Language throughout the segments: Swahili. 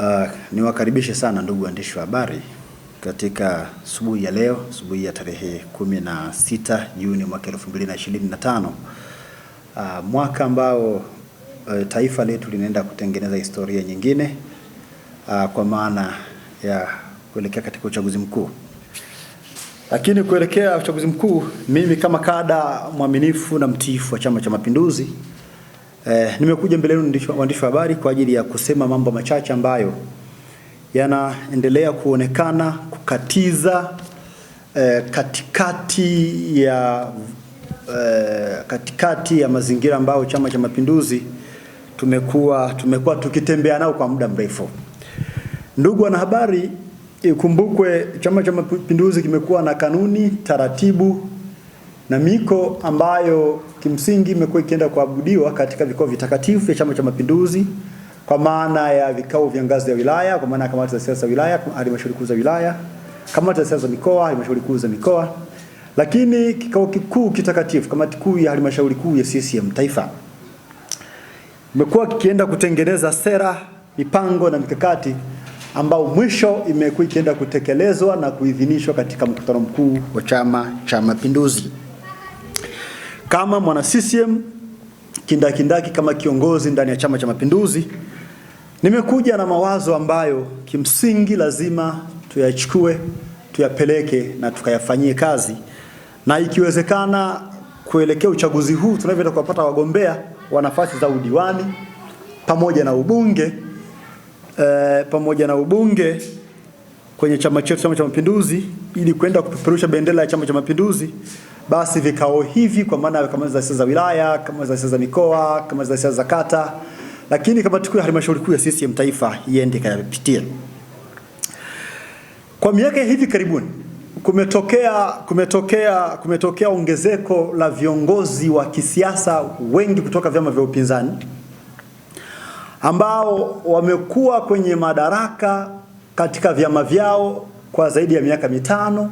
Uh, niwakaribishe sana ndugu waandishi wa habari katika subuhi ya leo, subuhi ya tarehe 16 Juni mwaka 2025, uh, ah, mwaka ambao uh, taifa letu linaenda kutengeneza historia nyingine uh, kwa maana ya kuelekea katika uchaguzi mkuu. Lakini kuelekea uchaguzi mkuu, mimi kama kada mwaminifu na mtiifu wa Chama cha Mapinduzi Eh, nimekuja mbele yenu waandishi wa habari kwa ajili ya kusema mambo machache ambayo yanaendelea kuonekana kukatiza eh, katikati ya eh, katikati ya mazingira ambayo Chama cha Mapinduzi tumekuwa tumekuwa tukitembea nao kwa muda mrefu. Ndugu wanahabari, ikumbukwe Chama cha Mapinduzi kimekuwa na kanuni, taratibu na miko ambayo kimsingi imekuwa ikienda kuabudiwa katika vikao vitakatifu vya Chama cha Mapinduzi kwa maana ya vikao vya ngazi ya wilaya, kwa maana ya kamati za siasa za wilaya, halmashauri kuu za wilaya, kamati za siasa za mikoa, halmashauri kuu za mikoa, lakini kikao kikuu kitakatifu, kamati kuu ya halmashauri kuu ya CCM taifa, imekuwa kikienda kutengeneza sera, mipango na mikakati ambao mwisho imekuwa ikienda kutekelezwa na kuidhinishwa katika mkutano mkuu wa Chama cha Mapinduzi kama mwana CCM kindakindaki, kama kiongozi ndani ya Chama cha Mapinduzi, nimekuja na mawazo ambayo kimsingi lazima tuyachukue, tuyapeleke na tukayafanyie kazi, na ikiwezekana kuelekea uchaguzi huu tunavyoenda kuwapata wagombea wa nafasi za udiwani pamoja na ubunge e, pamoja na ubunge kwenye chama chetu, Chama cha Mapinduzi, ili kwenda kupeperusha bendera ya Chama cha Mapinduzi basi vikao hivi kwa maana kama za siasa za wilaya, kama za siasa za mikoa, kama za siasa za kata, lakini kama tukio halmashauri kuu ya CCM taifa iende kayapitia. Kwa miaka hivi karibuni kumetokea kumetokea kumetokea ongezeko la viongozi wa kisiasa wengi kutoka vyama vya upinzani ambao wamekuwa kwenye madaraka katika vyama vyao kwa zaidi ya miaka mitano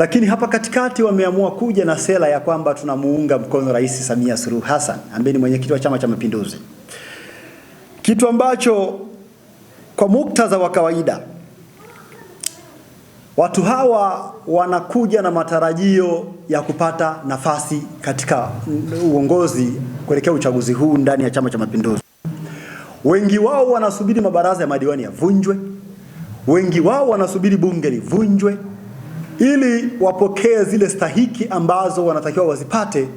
lakini hapa katikati wameamua kuja na sera ya kwamba tunamuunga mkono Rais Samia Suluhu Hassan ambaye ni mwenyekiti wa Chama cha Mapinduzi, kitu ambacho kwa muktadha wa kawaida watu hawa wanakuja na matarajio ya kupata nafasi katika uongozi kuelekea uchaguzi huu ndani ya Chama cha Mapinduzi. Wengi wao wanasubiri mabaraza ya madiwani yavunjwe, wengi wao wanasubiri bunge livunjwe ili wapokee zile stahiki ambazo wanatakiwa wazipate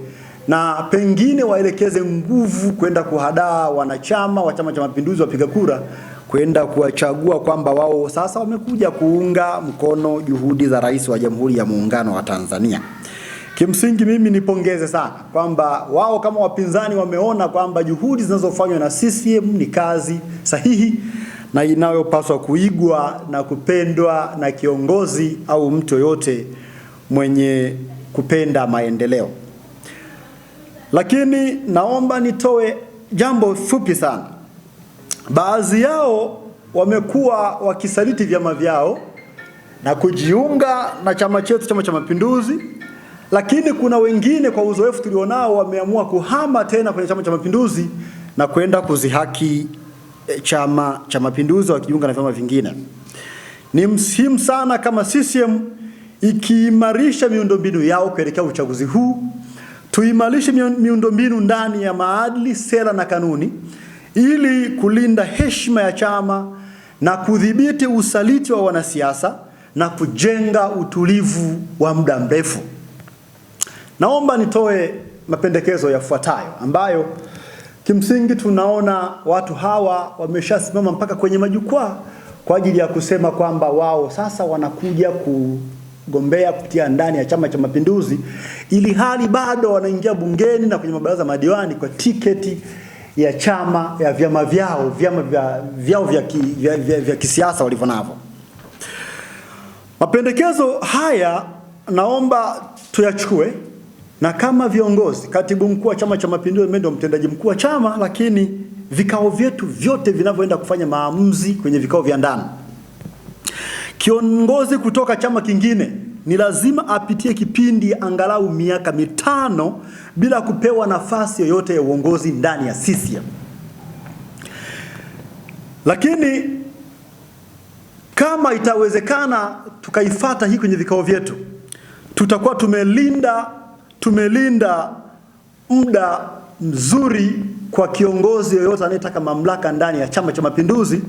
na pengine waelekeze nguvu kwenda kuhadaa wanachama wa Chama cha Mapinduzi wapiga kura kwenda kuwachagua kwamba wao sasa wamekuja kuunga mkono juhudi za Rais wa Jamhuri ya Muungano wa Tanzania. Kimsingi mimi nipongeze sana kwamba wao kama wapinzani wameona kwamba juhudi zinazofanywa na CCM ni kazi sahihi na inayopaswa kuigwa na kupendwa na kiongozi au mtu yoyote mwenye kupenda maendeleo. Lakini naomba nitoe jambo fupi sana. Baadhi yao wamekuwa wakisaliti vyama vyao na kujiunga na chama chetu, Chama cha Mapinduzi, lakini kuna wengine kwa uzoefu tulionao wameamua kuhama tena kwenye Chama cha Mapinduzi na kwenda kuzihaki Eh, chama cha Mapinduzi wakijiunga na vyama vingine. Ni msimu sana kama CCM ikiimarisha miundombinu yao kuelekea uchaguzi huu, tuimarishe miundombinu ndani ya maadili, sera na kanuni ili kulinda heshima ya chama na kudhibiti usaliti wa wanasiasa na kujenga utulivu wa muda mrefu. Naomba nitoe mapendekezo yafuatayo ambayo Kimsingi tunaona watu hawa wameshasimama mpaka kwenye majukwaa kwa ajili ya kusema kwamba wao sasa wanakuja kugombea kupitia ndani ya Chama cha Mapinduzi, ili hali bado wanaingia bungeni na kwenye mabaraza madiwani kwa tiketi ya chama ya vyama vyao vyama vya, vyao vya, ki, vya, vya, vya kisiasa walivyo navyo. Mapendekezo haya naomba tuyachukue na kama viongozi, katibu mkuu wa Chama cha Mapinduzi ndio mtendaji mkuu wa chama, lakini vikao vyetu vyote vinavyoenda kufanya maamuzi kwenye vikao vya ndani, kiongozi kutoka chama kingine ni lazima apitie kipindi angalau miaka mitano bila kupewa nafasi yoyote ya uongozi ndani ya CCM. Lakini kama itawezekana tukaifata hii kwenye vikao vyetu, tutakuwa tumelinda tumelinda muda mzuri kwa kiongozi yoyote anayetaka mamlaka ndani ya Chama cha Mapinduzi,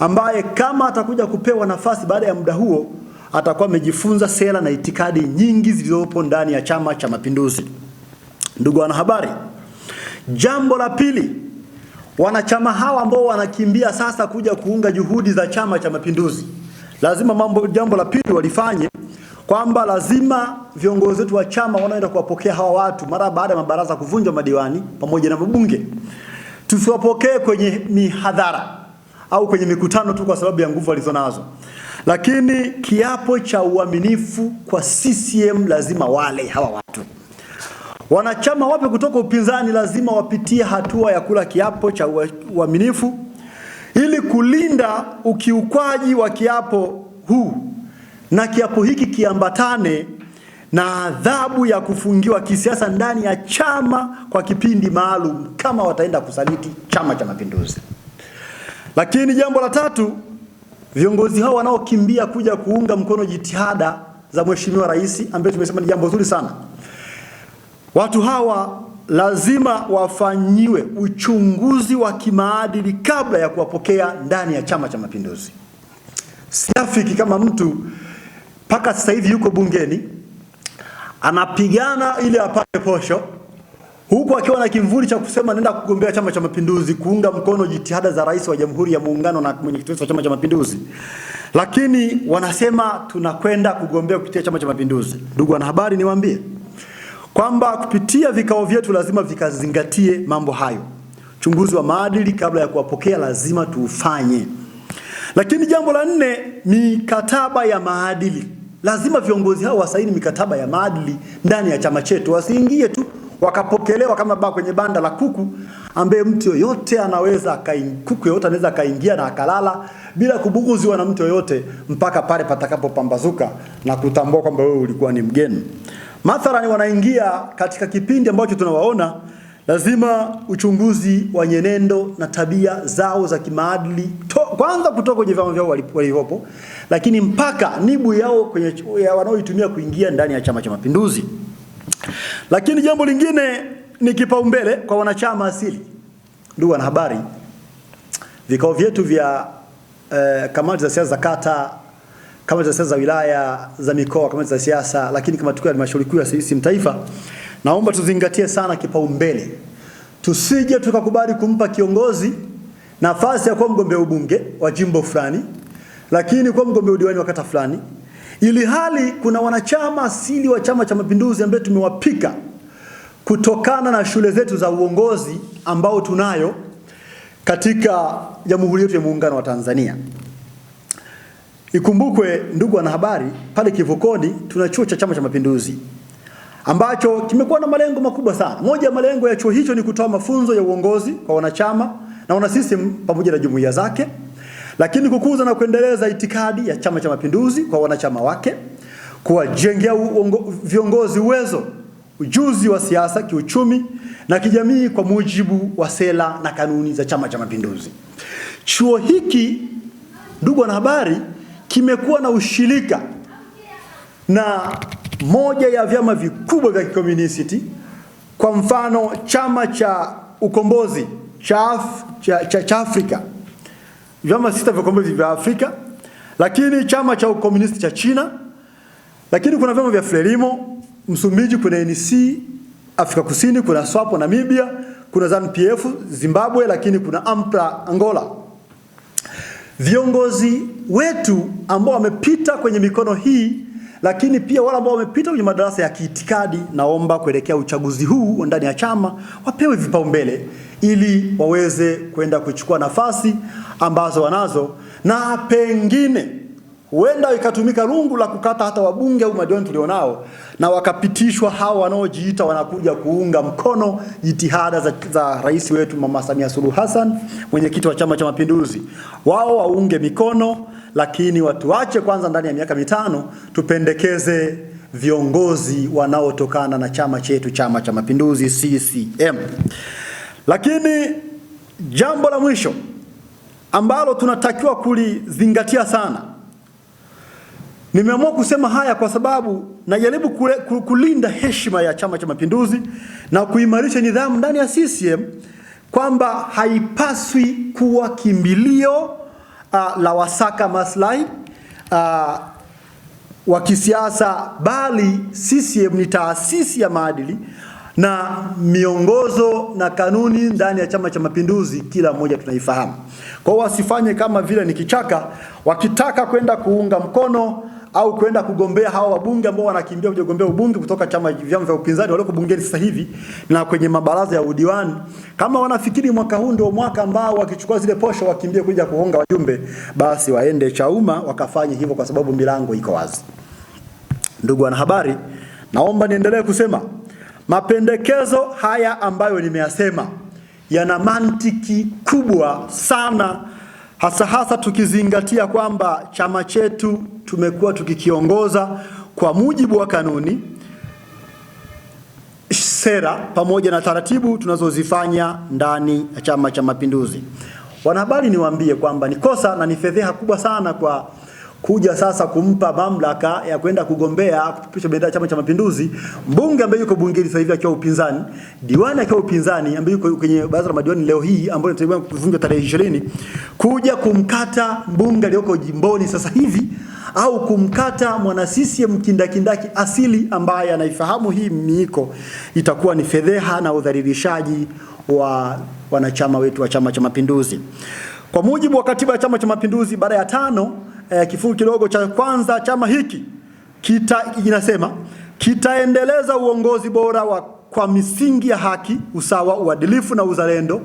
ambaye kama atakuja kupewa nafasi baada ya muda huo atakuwa amejifunza sera na itikadi nyingi zilizopo ndani ya Chama cha Mapinduzi. Ndugu wanahabari, jambo la pili, wanachama hawa ambao wanakimbia sasa kuja kuunga juhudi za Chama cha Mapinduzi, lazima mambo, jambo la pili walifanye kwamba lazima viongozi wetu wa chama wanaenda kuwapokea hawa watu mara baada ya mabaraza kuvunjwa, madiwani pamoja na mabunge, tusiwapokee kwenye mihadhara au kwenye mikutano tu kwa sababu ya nguvu walizonazo, lakini kiapo cha uaminifu kwa CCM lazima wale hawa watu. Wanachama wape kutoka upinzani lazima wapitie hatua ya kula kiapo cha uaminifu ili kulinda ukiukwaji wa kiapo huu na kiapo hiki kiambatane na adhabu ya kufungiwa kisiasa ndani ya chama kwa kipindi maalum kama wataenda kusaliti Chama cha Mapinduzi. Lakini jambo la tatu, viongozi hao wanaokimbia kuja kuunga mkono jitihada za Mheshimiwa Rais ambaye tumesema ni jambo zuri sana, watu hawa lazima wafanyiwe uchunguzi wa kimaadili kabla ya kuwapokea ndani ya Chama cha Mapinduzi. Siafiki kama mtu mpaka sasa hivi yuko bungeni anapigana ili apate posho, huku akiwa na kimvuli cha kusema nenda kugombea Chama cha Mapinduzi, kuunga mkono jitihada za rais wa Jamhuri ya Muungano na mwenyekiti wa Chama cha Mapinduzi, lakini wanasema tunakwenda kugombea kupitia Chama cha Mapinduzi. Ndugu wanahabari, niwaambie kwamba kupitia vikao vyetu lazima vikazingatie mambo hayo. Chunguzi wa maadili kabla ya kuwapokea lazima tuufanye. Lakini jambo la nne, mikataba ya maadili lazima viongozi hao wasaini mikataba ya maadili ndani ya chama chetu, wasiingie tu wakapokelewa kama baa kwenye banda la kuku, ambaye mtu yoyote anaweza kuku yoyote anaweza akaingia na akalala bila kubuguziwa na mtu yoyote mpaka pale patakapopambazuka na kutambua kwamba wewe ulikuwa ni mgeni. Mathalani, wanaingia katika kipindi ambacho tunawaona lazima uchunguzi wa nyenendo na tabia zao za kimaadili kwanza kutoka kwenye vyama vyao walivyopo, lakini mpaka nibu yao kwenye ya wanaoitumia kuingia ndani ya Chama cha Mapinduzi. Lakini jambo lingine ni kipaumbele kwa wanachama asili. Ndugu wanahabari, vikao vyetu vya eh, kamati za siasa za kata, kamati za siasa za wilaya, za mikoa, kamati za siasa, lakini kama tukio halmashauri kuu ya sisi taifa, naomba tuzingatie sana kipaumbele, tusije tukakubali kumpa kiongozi nafasi ya kuwa mgombea ubunge wa jimbo fulani lakini kwa mgombea udiwani wa kata fulani, ili hali kuna wanachama asili wa Chama cha Mapinduzi ambaye tumewapika kutokana na shule zetu za uongozi ambao tunayo katika Jamhuri yetu ya Muungano wa Tanzania. Ikumbukwe ndugu wanahabari, pale Kivukoni tuna chuo cha Chama cha Mapinduzi ambacho kimekuwa na malengo makubwa sana. Moja ya malengo ya chuo hicho ni kutoa mafunzo ya uongozi kwa wanachama na wana CCM pamoja na jumuiya zake. Lakini kukuza na kuendeleza itikadi ya Chama cha Mapinduzi kwa wanachama wake, kuwajengea viongozi uwezo, ujuzi wa siasa, kiuchumi na kijamii kwa mujibu wa sera na kanuni za Chama cha Mapinduzi. Chuo hiki, ndugu wanahabari, kimekuwa na ushirika na moja ya vyama vikubwa vya kikomunisti. Kwa mfano, chama cha ukombozi cha, cha, cha, cha Afrika vyama sita vya ukombozi vya Afrika, lakini chama cha ukomunisti cha China, lakini kuna vyama vya Frelimo Msumbiji, kuna nc Afrika Kusini, kuna SWAPO Namibia, kuna ZANU-PF Zimbabwe, lakini kuna AMPLA Angola. Viongozi wetu ambao wamepita kwenye mikono hii, lakini pia wale ambao wamepita kwenye madarasa ya kiitikadi, naomba kuelekea uchaguzi huu ndani ya chama wapewe vipaumbele ili waweze kwenda kuchukua nafasi ambazo wanazo, na pengine huenda ikatumika rungu la kukata hata wabunge au madiwani tulionao, na wakapitishwa hao wanaojiita wanakuja kuunga mkono jitihada za, za rais wetu Mama Samia Suluhu Hassan, mwenyekiti wa Chama cha Mapinduzi. Wao waunge mikono, lakini watuache kwanza, ndani ya miaka mitano tupendekeze viongozi wanaotokana na chama chetu, Chama cha Mapinduzi CCM. Lakini jambo la mwisho ambalo tunatakiwa kulizingatia sana, nimeamua kusema haya kwa sababu najaribu kulinda heshima ya Chama cha Mapinduzi na kuimarisha nidhamu ndani ya CCM kwamba haipaswi kuwa kimbilio uh, la wasaka maslahi uh, wa kisiasa, bali CCM ni taasisi ya maadili na miongozo na kanuni ndani ya Chama cha Mapinduzi kila mmoja tunaifahamu. Kwa hiyo wasifanye kama vile ni kichaka, wakitaka kwenda kuunga mkono au kwenda kugombea hawa wabunge ambao wanakimbia kuja kugombea ubunge kutoka chama vyama vya upinzani walioko bungeni sasa hivi na kwenye mabaraza ya udiwani. Kama wanafikiri mwaka huu ndio mwaka ambao wakichukua zile posho wakimbie kuja kuhonga wajumbe, basi waende Chauma wakafanye hivyo, kwa sababu milango iko wazi. Ndugu wanahabari, naomba niendelee kusema Mapendekezo haya ambayo nimeyasema yana mantiki kubwa sana, hasa hasa tukizingatia kwamba chama chetu tumekuwa tukikiongoza kwa mujibu wa kanuni, sera pamoja na taratibu tunazozifanya ndani ya Chama cha Mapinduzi. Wanahabari, niwaambie kwamba ni kosa na ni fedheha kubwa sana kwa kuja sasa kumpa mamlaka ya kwenda kugombea kupitisha bendera Chama cha Mapinduzi, mbunge ambaye yuko bungeni sasa hivi akiwa upinzani, diwani akiwa upinzani, ambaye yuko kwenye baraza la madiwani leo hii ambayo inatarajiwa kuvunjwa tarehe 20, kuja kumkata mbunge aliyoko jimboni sasa hivi au kumkata mwana CCM kindakindaki asili ambaye anaifahamu hii miiko, itakuwa ni fedheha na udhalilishaji wa wanachama wetu wa Chama cha Mapinduzi. Kwa mujibu wa katiba ya Chama cha Mapinduzi ibara ya tano eh, kifungu kidogo cha kwanza chama hiki kita, inasema kitaendeleza uongozi bora wa, kwa misingi ya haki, usawa, uadilifu na uzalendo.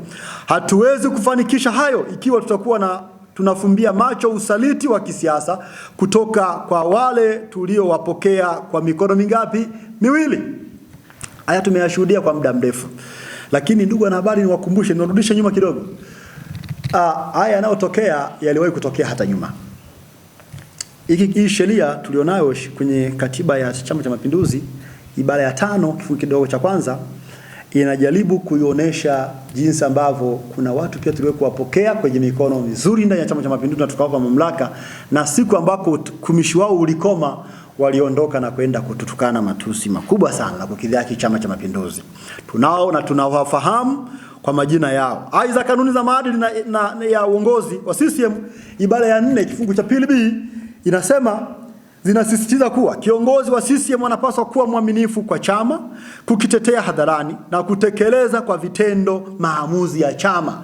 Hatuwezi kufanikisha hayo ikiwa tutakuwa na tunafumbia macho usaliti wa kisiasa kutoka kwa wale tuliowapokea kwa mikono mingapi? Miwili. Haya tumeyashuhudia kwa muda mrefu, lakini ndugu wanahabari, niwakumbushe, niwarudishe nyuma kidogo. Ah, Haya yanayotokea yaliwahi kutokea hata nyuma hii sheria tulionayo kwenye katiba ya Chama cha Mapinduzi ibara ya tano kifungu kidogo cha kwanza inajaribu kuionyesha jinsi ambavyo kuna watu pia tuliwe kuwapokea kwenye mikono mizuri ndani ya Chama cha Mapinduzi na tukawapa mamlaka, na siku ambako utumishi wao ulikoma waliondoka na kwenda kututukana matusi makubwa sana na kukidhiaki Chama cha Mapinduzi. Tunao na tunawafahamu kwa majina yao. Aidha, kanuni za maadili na, na, na ya uongozi wa CCM ibara ya nne kifungu cha pili b inasema zinasisitiza kuwa kiongozi wa CCM anapaswa kuwa mwaminifu kwa chama, kukitetea hadharani na kutekeleza kwa vitendo maamuzi ya chama.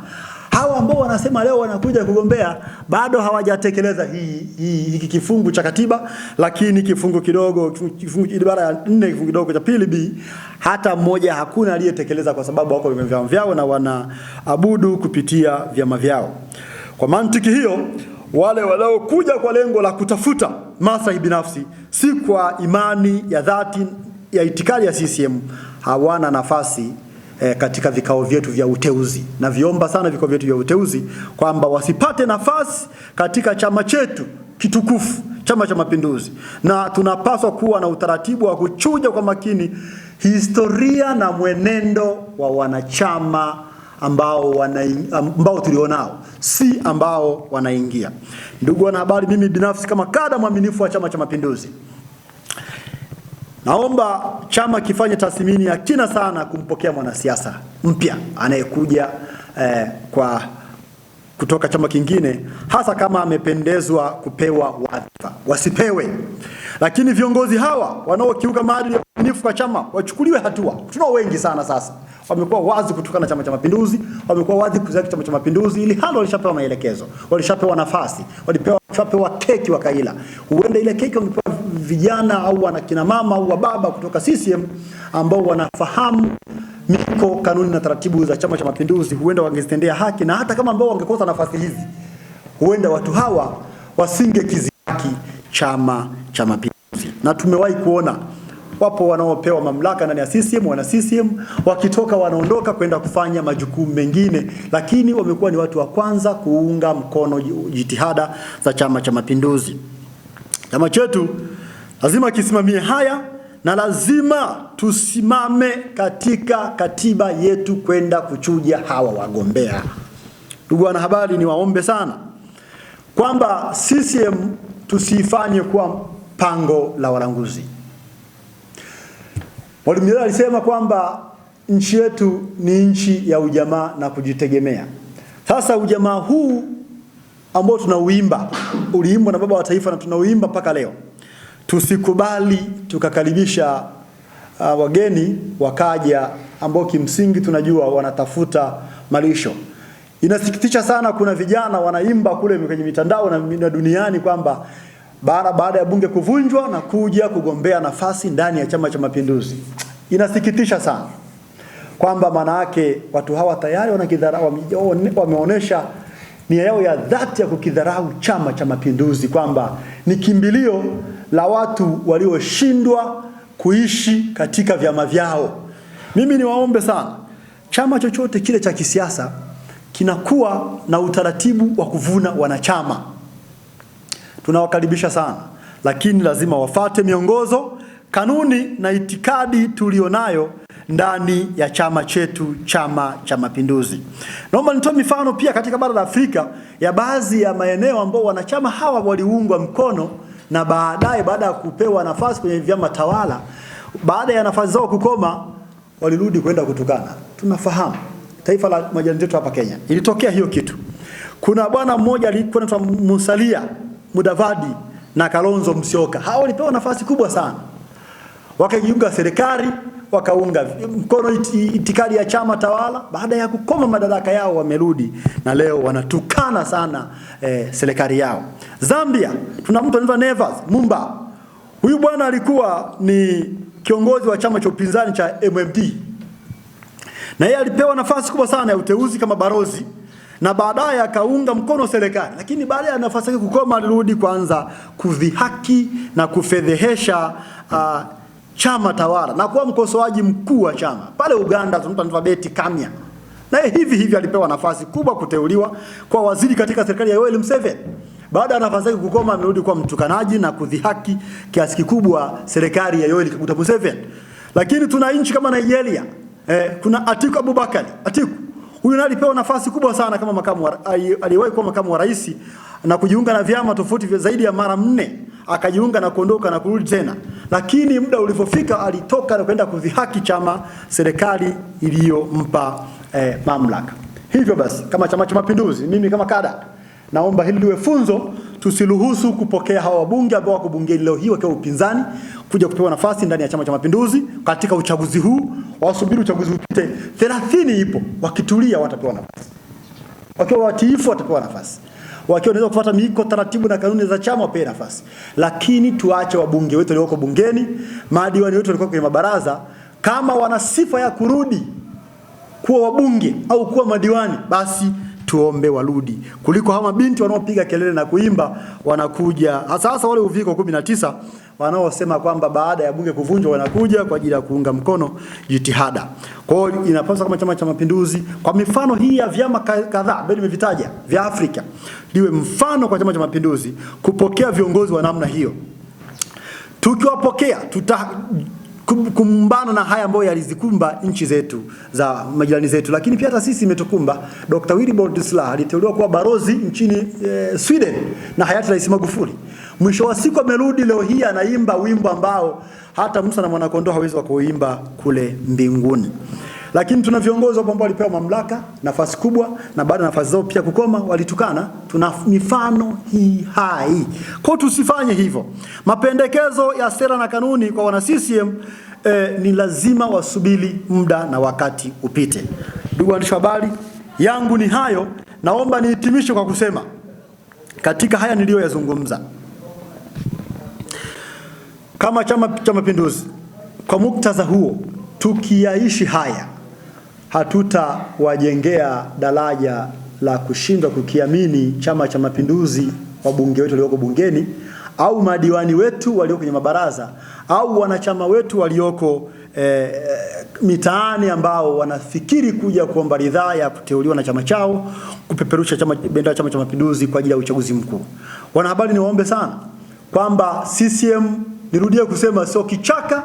Hawa ambao wanasema leo wanakuja kugombea bado hawajatekeleza hii hiki kifungu cha katiba, lakini kifungu kidogo, kifungu ibara ya 4 kifungu kidogo cha pili B, hata mmoja hakuna aliyetekeleza, kwa sababu wako vyama vyao na wanaabudu kupitia vyama vyao. Kwa mantiki hiyo wale wanaokuja kwa lengo la kutafuta maslahi binafsi, si kwa imani ya dhati ya itikadi ya CCM, hawana nafasi eh, katika vikao vyetu vya uteuzi. Naviomba sana vikao vyetu vya uteuzi kwamba wasipate nafasi katika chama chetu kitukufu, Chama cha Mapinduzi, na tunapaswa kuwa na utaratibu wa kuchuja kwa makini historia na mwenendo wa wanachama ambao wana ambao tulionao, si ambao wanaingia. Ndugu wanahabari, mimi binafsi kama kada mwaminifu wa Chama cha Mapinduzi naomba chama kifanye tathmini ya kina sana kumpokea mwanasiasa mpya anayekuja eh, kwa kutoka chama kingine, hasa kama amependezwa kupewa wadhifa, wasipewe. Lakini viongozi hawa wanaokiuka maadili ya uaminifu kwa chama wachukuliwe hatua. Tunao wengi sana sasa wamekuwa wazi kutukana Chama cha Mapinduzi, wamekuwa wazi kuzaki Chama cha Mapinduzi, ili hali walishapewa maelekezo, walishapewa nafasi, walipewa walishapewa keki wakaila. Huenda ile keki wangepewa vijana au kina mama au wababa kutoka CCM ambao wanafahamu miko kanuni na taratibu za Chama cha Mapinduzi, huenda wangezitendea haki, na hata kama ambao wangekosa nafasi hizi, huenda watu hawa wasingekizihaki Chama cha Mapinduzi, na tumewahi kuona Wapo wanaopewa mamlaka ndani ya CCM, wana CCM wakitoka wanaondoka kwenda kufanya majukumu mengine, lakini wamekuwa ni watu wa kwanza kuunga mkono jitihada za Chama cha Mapinduzi. Chama chetu lazima kisimamie haya na lazima tusimame katika katiba yetu kwenda kuchuja hawa wagombea. Ndugu wanahabari, niwaombe sana kwamba CCM tusifanye kuwa pango la walanguzi. Mwalimu Nyerere alisema kwamba nchi yetu ni nchi ya ujamaa na kujitegemea. Sasa ujamaa huu ambao tunauimba uliimbwa na baba wa taifa na tunauimba mpaka leo. Tusikubali tukakaribisha uh, wageni wakaja ambao kimsingi tunajua wanatafuta malisho. Inasikitisha sana, kuna vijana wanaimba kule kwenye mitandao na duniani kwamba bara baada ya bunge kuvunjwa na kuja kugombea nafasi ndani ya Chama cha Mapinduzi. Inasikitisha sana kwamba yake watu hawa tayari wanakidharau, wameonyesha nia yao ya dhati ya kukidharau Chama cha Mapinduzi, kwamba ni kimbilio la watu walioshindwa kuishi katika vyama vyao. Mimi niwaombe sana, chama chochote kile cha kisiasa kinakuwa na utaratibu wa kuvuna wanachama. Tunawakaribisha sana, lakini lazima wafate miongozo, kanuni na itikadi tulionayo ndani ya chama chetu, Chama cha Mapinduzi. Naomba nitoe mifano pia katika bara la Afrika ya baadhi ya maeneo ambao wanachama hawa waliungwa mkono na baadaye, baada ya kupewa nafasi kwenye vyama tawala, baada ya nafasi zao kukoma, walirudi kwenda kutukana. Tunafahamu taifa la majirani zetu hapa Kenya ilitokea hiyo kitu. Kuna bwana mmoja alikuwa anaitwa Musalia Mudavadi na Kalonzo Musyoka. Hao walipewa nafasi kubwa sana, wakajiunga serikali, wakaunga mkono itikadi ya chama tawala. Baada ya kukoma madaraka yao, wamerudi na leo wanatukana sana eh, serikali yao. Zambia tuna mtu anaitwa Nevas Mumba. Huyu bwana alikuwa ni kiongozi wa chama cha upinzani cha MMD, na yeye alipewa nafasi kubwa sana ya uteuzi kama barozi na baadaye akaunga mkono serikali, lakini baada ya nafasi yake kukoma alirudi kwanza kudhihaki na kufedhehesha uh, chama tawala na kuwa mkosoaji mkuu wa chama pale Uganda. Tunampa Beti Kamya naye hivi hivi alipewa nafasi kubwa kuteuliwa kwa waziri katika serikali ya Yoweri Museveni. Baada ya nafasi yake kukoma, amerudi kuwa mtukanaji na kudhihaki kiasi kikubwa serikali ya Yoweri Kaguta Museveni. Lakini tuna nchi kama Nigeria eh, kuna Atiku Abubakar Atiku Huyu naye alipewa nafasi kubwa sana kama makamu aliyewahi kuwa makamu wa rais na kujiunga na vyama tofauti vya zaidi ya mara nne, akajiunga na kuondoka na kurudi tena, lakini muda ulivyofika alitoka na kwenda kudhihaki chama serikali iliyompa eh, mamlaka. Hivyo basi, kama Chama cha Mapinduzi, mimi kama kada Naomba hili liwe funzo, tusiruhusu kupokea hawa wabunge ambao wako bungeni leo hii wakiwa upinzani kuja kupewa nafasi ndani ya Chama cha Mapinduzi katika uchaguzi huu. Wasubiri uchaguzi upite, 30 ipo, wakitulia watapewa nafasi, wakiwa watiifu watapewa nafasi, wakiwa wanaweza kufuata miiko, taratibu na kanuni za chama wapewe nafasi, lakini tuache wabunge wetu walioko bungeni, madiwani wetu walikuwa kwenye mabaraza, kama wana sifa ya kurudi kuwa wabunge au kuwa madiwani basi tuombe warudi, kuliko hawa mabinti wanaopiga kelele na kuimba wanakuja. hasa wale uviko 19 wanaosema kwamba baada ya bunge kuvunjwa wanakuja kwa ajili ya kuunga mkono jitihada. Kwa hiyo inapaswa kama Chama cha Mapinduzi, kwa mifano hii ya vyama kadhaa ambavyo nimevitaja vya Afrika, liwe mfano kwa Chama cha Mapinduzi kupokea viongozi wa namna hiyo. Tukiwapokea tuta kumbana na haya ambayo yalizikumba nchi zetu za majirani zetu, lakini pia hata sisi imetukumba. Dr. Willibrod Slaa aliteuliwa kuwa balozi nchini e, Sweden na hayati Rais Magufuli. Mwisho wa siku amerudi leo hii anaimba wimbo ambao hata Musa na Mwanakondoo hawezi kuimba kule mbinguni. Lakini tuna viongozi ambao walipewa mamlaka, nafasi kubwa, na baada ya nafasi zao pia kukoma walitukana. Tuna mifano hii hai, kwa tusifanye hivyo. Mapendekezo ya sera na kanuni kwa wana CCM eh, ni lazima wasubiri muda na wakati upite. Ndugu waandishi wa habari, yangu ni hayo. Naomba nihitimishe kwa kusema katika haya niliyoyazungumza, kama Chama cha Mapinduzi, kwa muktadha huo tukiyaishi haya hatutawajengea daraja la kushindwa kukiamini Chama cha Mapinduzi, wabunge wetu walioko bungeni au madiwani wetu walioko kwenye mabaraza au wanachama wetu walioko e, mitaani ambao wanafikiri kuja kuomba ridhaa ya kuteuliwa na chama chao kupeperusha chama bendera Chama cha Mapinduzi kwa ajili ya uchaguzi mkuu. Wanahabari, niwaombe sana kwamba CCM, nirudie kusema, sio kichaka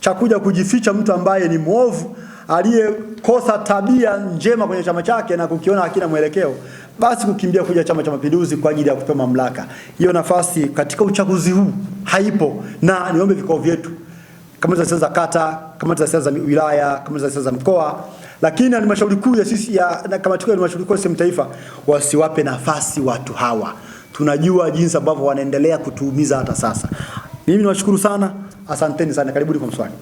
cha kuja kujificha mtu ambaye ni mwovu aliyekosa tabia njema kwenye chama chake na kukiona hakina mwelekeo, basi kukimbia kuja Chama cha Mapinduzi kwa ajili ya kupewa mamlaka. Hiyo nafasi katika uchaguzi huu haipo, na niombe vikao vyetu, kamati za siasa za kata, kamati za siasa za wilaya, kamati za siasa za mkoa, lakini halmashauri kuu ya sisi ya na kamati kuu ya halmashauri kuu ya taifa, wasiwape nafasi watu hawa. Tunajua jinsi ambavyo wanaendelea kutuumiza hata sasa. Mimi niwashukuru sana, asanteni sana, karibuni kwa mswali.